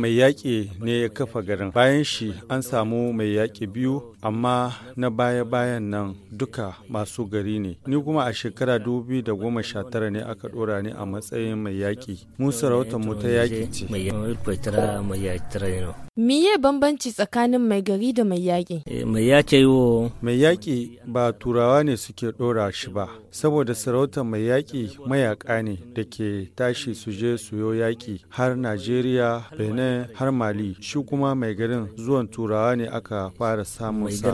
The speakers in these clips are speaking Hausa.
mai yaƙi ne ya kafa garin bayan shi an samu mai yaƙi biyu amma na baya-bayan nan duka masu gari ne ni kuma a shekara 2019 ne aka ɗora ni a matsayin mai yaƙi mun sarauta mu ta yaƙi ce Miye bambanci tsakanin mai gari da mai yaƙi? Eh, mai yaƙi yi Mai yaƙi ba turawa ne suke ɗora shi ba, saboda sarautar mai yaƙi mayaƙa ne da ke tashi su je suyo yaƙi har Najeriya, Benin, har Mali. Shi kuma mai garin zuwan turawa ne aka fara samun sa.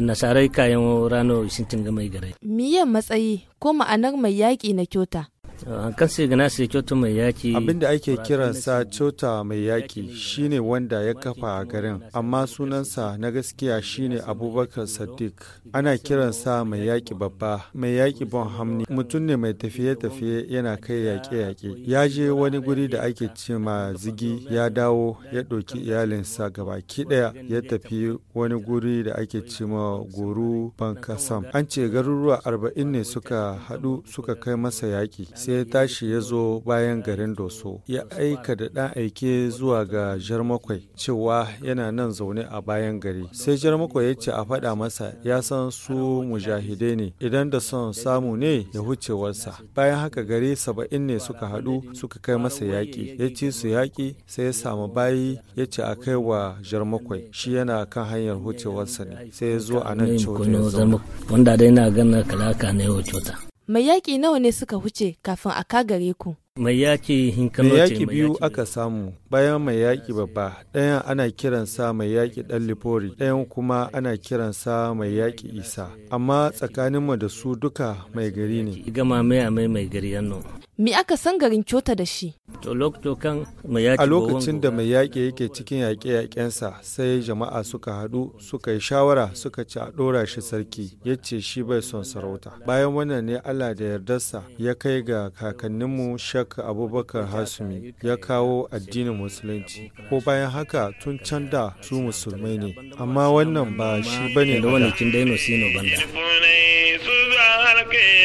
Nasarai kayan rano shi tinga mai garai. Miye matsayi ko ma'anar mai yaƙi na kyota? Ah, kan sai gana sai cota mai yaki abinda ake kiransa cota mai yaki shine wanda ya kafa a garin amma sunansa na gaskiya shine abubakar sadiq ana kiransa mai yaki babba mai yaki bon hamni mutum ne mai tafiye-tafiye yana kai yaƙe-yaƙe ya je wani guri da ake ce ma zigi ya dawo ya ɗauki iyalinsa gabaki ɗaya ya tafi wani guri da ake ce ma goru bankasam an ce garuruwa arba'in ne suka haɗu suka kai masa yaƙi sai ya tashi ya zo bayan garin Doso ya aika da ɗan aike zuwa ga Jarmakwai cewa yana nan zaune a bayan gari. Sai Jarmakwai ya ce a faɗa masa ya san su mujahidai ne idan da son samu ne ya hucewarsa. Bayan haka gari saba'in ne suka haɗu suka kai masa yaƙi. Ya ci su yaƙi sai ya samu bayi ya ce a kai wa Jarmakwai shi yana kan hanyar hucewarsa ne sai ya zo a nan cewa wanda dai na gana kalaka ne mai yaƙi nawa ne suka huce kafin a kagare ku mai yaƙi hinkalo mai yaƙi biyu aka samu bayan mai yaƙi babba ɗayan ana kiransa mai yaƙi ɗan lifori ɗayan kuma ana kiransa mai yaƙi isa amma tsakaninmu da su duka mai gari ne gama mai mai gari yanno mi aka san garin Kyota da shi? A lokacin da mai yaƙi yake cikin yaƙe-yaƙensa sai jama'a suka haɗu suka yi shawara suka ci a ɗora shi sarki ya ce shi bai son sarauta. Bayan wannan ne Allah da yardarsa ya kai ga kakanninmu Shek Abubakar Hasumi ya kawo addinin Musulunci. Ko bayan haka tun can da su musulmai ne. Amma wannan ba shi bane da.